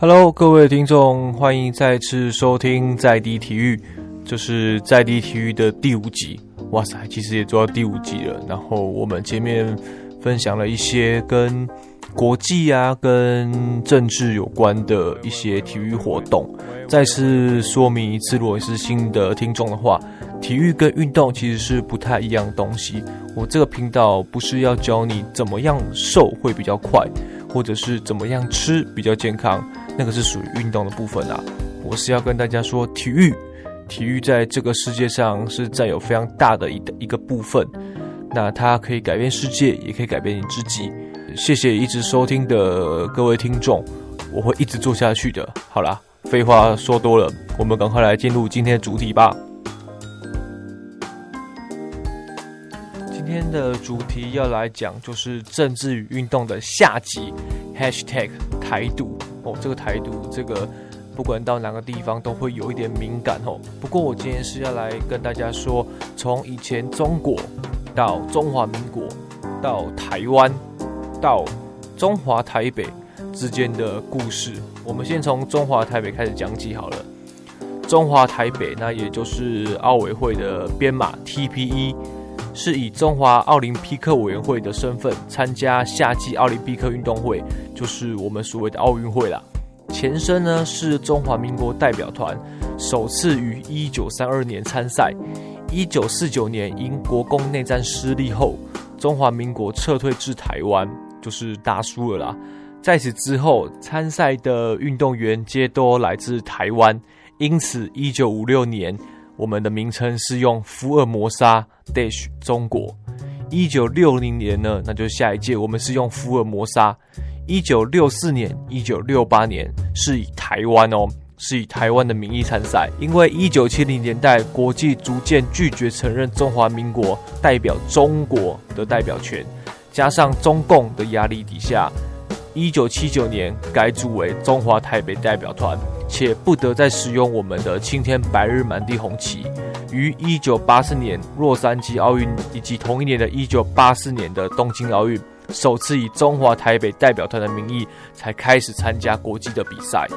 哈嘍，各位聽眾，歡迎再次收聽《在地體育》就，這是《在地體育》的第五集。哇塞，其實也做到第五集了。然後我們前面分享了一些跟國際啊、跟政治有關的一些體育活動。再次說明一次，如果是新的聽眾的話，體育跟運動其實是不太一樣的東西。我這個頻道不是要教你怎麼樣瘦會比較快，或者是怎麼樣吃比較健康。那個是屬於運動的部分啊！我是要跟大家說，體育，體育在這個世界上是佔有非常大的一一個部分。那它可以改變世界，也可以改變你自己。謝謝一直收聽的各位聽眾，我會一直做下去的。好啦，廢話說多了，我們趕快來進入今天的主題吧。今天的主題要來講，就是政治與運動的下集，# hashtag 台獨。哦，這個台獨，這個不管到哪個地方都會有一點敏感哦。不過我今天是要來跟大家說，從以前中國到中華民國，到台灣，到中華台北之間的故事。我們先從中華台北開始講起好了。中華台北，那也就是奧委會的編碼 TPE。是以中華奧林匹克委員會的身份參加夏季奧林匹克運動會，就是我們所謂的奧運會啦。前身呢是中華民國代表團，首次於一九三二年參賽。一九四九年因國共內戰失利後，中華民國撤退至台灣，就是大輸了啦。在此之後，參賽的運動員皆都來自台灣，因此一九五六年。我們的名稱是用福爾摩沙 dash 中國。一九六零年呢，那就下一屆我們是用福爾摩沙。一九六四年、一九六八年是以台灣哦，是以台灣的名義參賽，因為一九七零年代國際逐漸拒絕承認中華民國代表中國的代表權，加上中共的壓力底下。一九七九年改組為中華台北代表團，且不得再使用我們的青天白日滿地紅旗。於一九八四年洛杉磯奧運以及同一年的一九八四年的東京奧運，首次以中華台北代表團的名義才開始參加國際的比賽。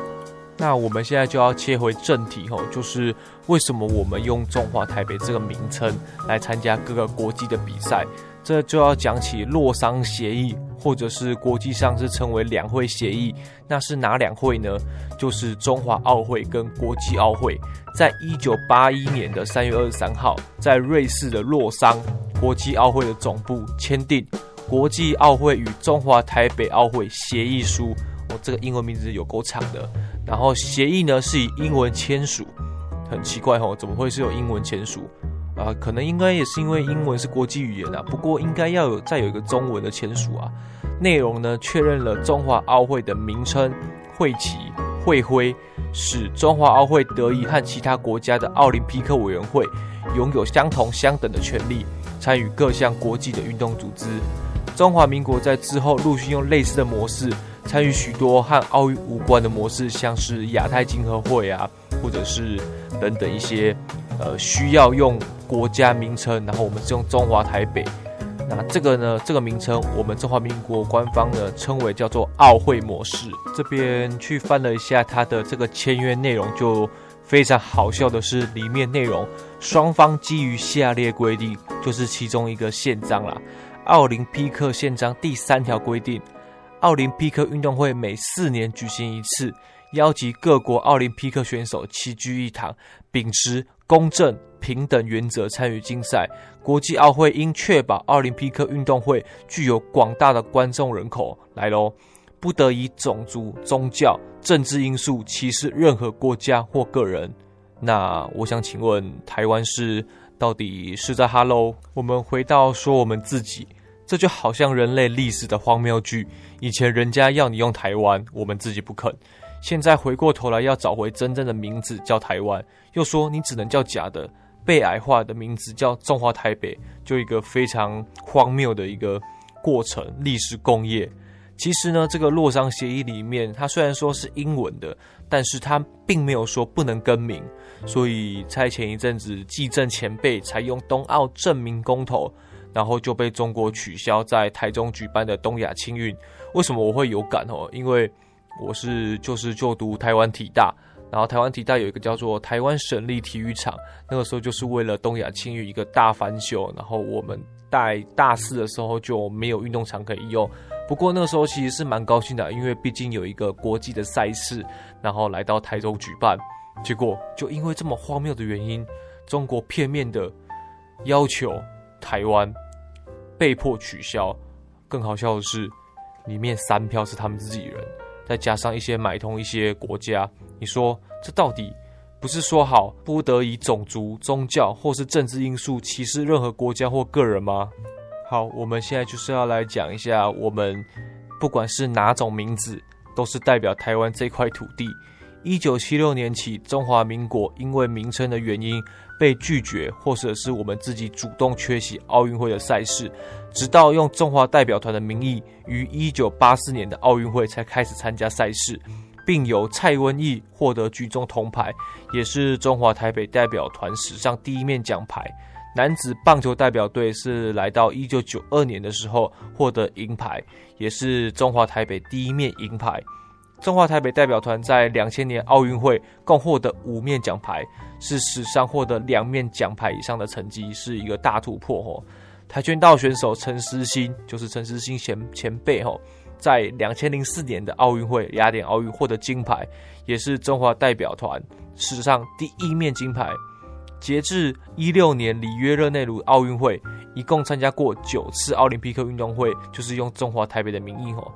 那我們現在就要切回正題吼，就是為什麼我們用中華台北這個名稱來參加各個國際的比賽？這就要講起洛桑協議。或者是國際上是稱為兩會協議，那是哪兩會呢？就是中華奧會跟國際奧會，在一九八一年的三月二十三號，在瑞士的洛桑國際奧會的總部簽訂《國際奧會與中華台北奧會協議書》。哦，這個英文名字有夠長的。然後協議呢是以英文簽署，很奇怪哦，怎麼會是用英文簽署？啊，可能應該也是因為英文是國際語言啊，不過應該要有再有一個中文的簽署啊。內容呢，確認了中華奧會的名稱、會旗、會徽，使中華奧會得以和其他國家的奧林匹克委員會擁有相同相等的權利，參與各項國際的運動組織。中華民國在之後陸續用類似的模式，參與許多和奧運無關的模式，像是亞太經合會啊，或者是等等一些。呃，需要用國家名稱，然後我們是用中華台北。那這個呢，這個名稱我們中華民國官方呢，稱為叫做奧會模式。這邊去翻了一下它的這個簽約內容，就非常好笑的是，裡面內容雙方基於下列規定，就是其中一個憲章啦，《奧林匹克憲章》第三條規定，奧林匹克運動會每四年舉行一次。邀集各國奧林匹克選手齊聚一堂，秉持公正平等原則參與競賽。國際奧會應確保奧林匹克運動會具有廣大的觀眾人口，來咯。不得以種族、宗教、政治因素歧視任何國家或個人。那我想請問，台灣是到底是在 Hello？我們回到說我們自己，這就好像人類歷史的荒謬劇。以前人家要你用台灣，我們自己不肯。現在回過頭來要找回真正的名字叫台灣，又說你只能叫假的、被矮化的名字叫中華台北，就一個非常荒謬的一個過程歷史工業。其實呢，這個洛桑協議裡面，它雖然說是英文的，但是它並沒有說不能更名。所以在前一陣子，紀政前輩才用東奧正名公投，然後就被中國取消在台中舉辦的東亞青運。為什麼我會有感哦？因為。我是就是就讀台灣體大，然後台灣體大有一個叫做台灣省立體育場，那個時候就是為了東亞青運一個大翻修，然後我們在大四的時候就沒有運動場可以用。不過那個時候其實是蠻高興的，因為畢竟有一個國際的賽事，然後來到台中舉辦。結果就因為這麼荒謬的原因，中國片面的要求台灣被迫取消。更好笑的是，裡面三票是他們自己人。再加上一些買通一些國家，你說，這到底不是說好不得以種族、宗教或是政治因素歧視任何國家或個人嗎？好，我們現在就是要來講一下，我們不管是哪種名字，都是代表台灣這塊土地。一九七六年起，中華民國因為名稱的原因，被拒絕，或者是我們自己主動缺席奧運會的賽事，直到用中華代表團的名義，於一九八四年的奧運會才開始參加賽事，並由蔡溫義獲得舉重銅牌，也是中華台北代表團史上第一面獎牌。男子棒球代表隊是來到一九九二年的時候獲得銀牌，也是中華台北第一面銀牌。中華台北代表團在兩千年奧運會共獲得五面獎牌，是史上獲得兩面獎牌以上的成績，是一個大突破哦。跆拳道選手陳詩欣，就是陳詩欣前，前輩哦，在兩千零四年的奧運會雅典奧運獲得金牌，也是中華代表團史上第一面金牌。截至一六年里約熱內盧奧運會，一共參加過九次奧林匹克運動會，就是用中華台北的名義哦。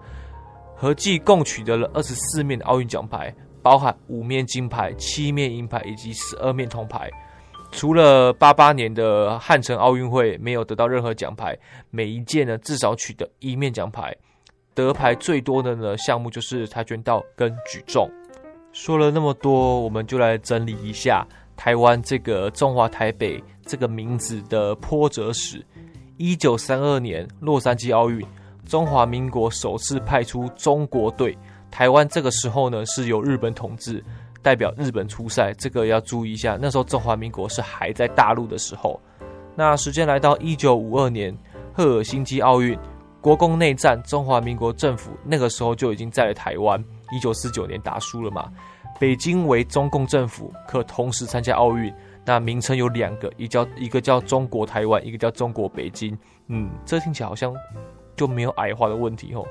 合計共取得了二十四面奧運獎牌，包含五面金牌、七面銀牌以及十二面銅牌。除了八八年的漢城奧運會沒有得到任何獎牌，每一屆呢至少取得一面獎牌。得牌最多的呢項目就是跆拳道跟舉重。說了那麼多，我們就來整理一下台灣這個“中華台北”這個名字的波折史。一九三二年洛杉磯奧運。中華民國首次派出中國隊，台灣這個時候呢是由日本統治，代表日本出賽，這個要注意一下。那時候中華民國是還在大陸的時候。那時間來到一九五二年赫爾辛基奧運，國共內戰，中華民國政府那個時候就已經在了台灣。一九四九年打輸了嘛，北京為中共政府，可同時參加奧運，那名稱有兩個，一叫一個叫中國台灣，一個叫中國北京。嗯，這聽起來好像。就沒有矮化的問題吼。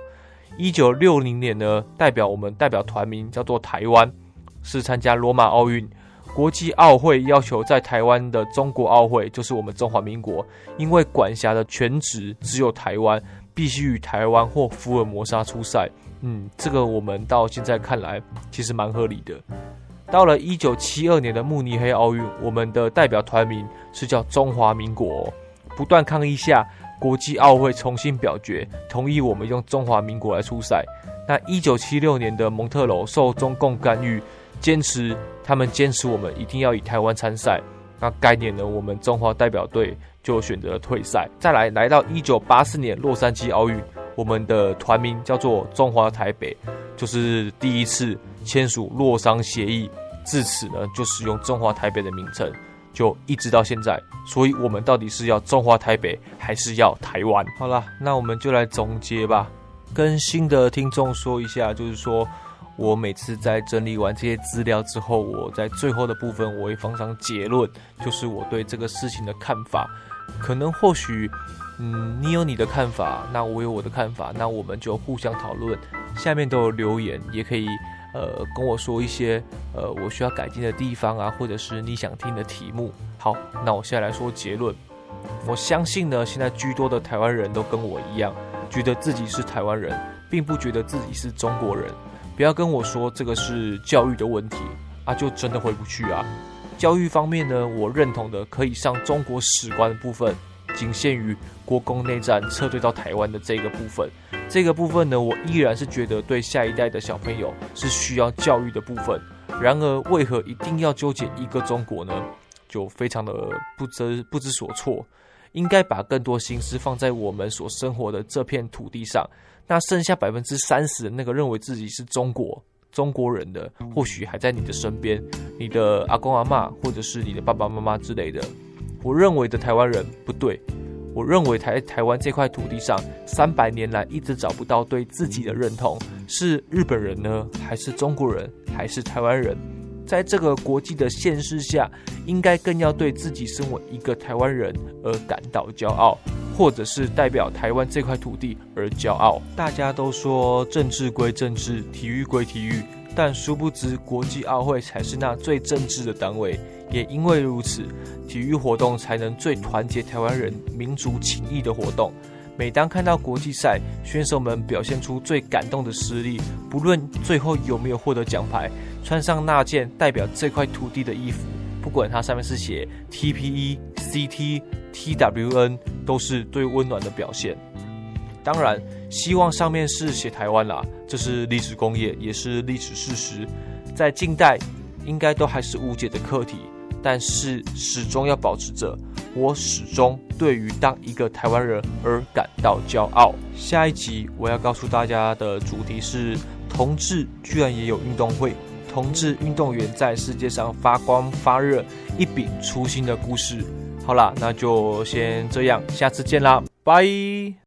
一九六零年呢，代表我們代表團名叫做台灣，是參加羅馬奧運國際奧會要求在台灣的中國奧會，就是我們中華民國，因為管轄的全職只有台灣，必須與台灣或福爾摩沙出賽。嗯，這個我們到現在看來其實蠻合理的。到了一九七二年的慕尼黑奧運，我們的代表團名是叫中華民國，哦，不斷抗議下，國際奧會重新表決，同意我們用中華民國來出賽。那一九七六年的蒙特婁受中共干預，堅持，他們堅持我們一定要以台灣參賽。那該年呢，我們中華代表隊就選擇了退賽。再來來到一九八四年洛杉磯奧運，我們的團名叫做中華台北，就是第一次簽署洛桑協議，至此呢就使用中華台北的名稱。就一直到現在，所以我們到底是要中華台北還是要台灣？好了，那我們就來總結吧，跟新的聽眾說一下，就是說我每次在整理完這些資料之後，我在最後的部分我會放上結論，就是我對這個事情的看法。可能或許。嗯，你有你的看法，那我有我的看法，那我們就互相討論。下面都有留言，也可以。呃，跟我說一些呃，我需要改進的地方啊，或者是你想聽的題目。好，那我現在來說結論。我相信呢，現在居多的台灣人都跟我一樣，覺得自己是台灣人，並不覺得自己是中國人。不要跟我說這個是教育的問題啊，就真的回不去啊。教育方面呢，我認同的可以上中國史觀的部分。僅限於國共內戰撤退到台灣的這個部分，這個部分呢，我依然是覺得對下一代的小朋友是需要教育的部分。然而，為何一定要糾結一個中國呢？就非常的不知不知所措。應該把更多心思放在我們所生活的這片土地上。那剩下百分之三十的那個認為自己是中國中國人的，或許還在你的身邊，你的阿公阿嬤，或者是你的爸爸媽媽之類的。我認為的台灣人不對，我認為台台灣這塊土地上三百年來一直找不到對自己的認同，是日本人呢，還是中國人，還是台灣人？在這個國際的現實下，應該更要對自己身為一個台灣人而感到驕傲，或者是代表台灣這塊土地而驕傲。大家都說政治歸政治，體育歸體育。但殊不知，國際奧會才是那最政治的單位，也因為如此，體育活動才能最團結台灣人民族情誼的活動。每當看到國際賽選手們表現出最感動的實力，不論最後有沒有獲得獎牌，穿上那件代表這塊土地的衣服，不管它上面是寫 TPE、CT、TWN，都是最溫暖的表現。當然。希望上面是寫台灣啦，這是歷史工業，也是歷史事實，在近代應該都還是無解的課題，但是始終要保持着，我始終對於當一個台灣人而感到驕傲。下一集我要告訴大家的主題是，同志居然也有運動會，同志運動員在世界上發光發熱，一秉初心的故事。好啦，那就先這樣，下次見啦，拜。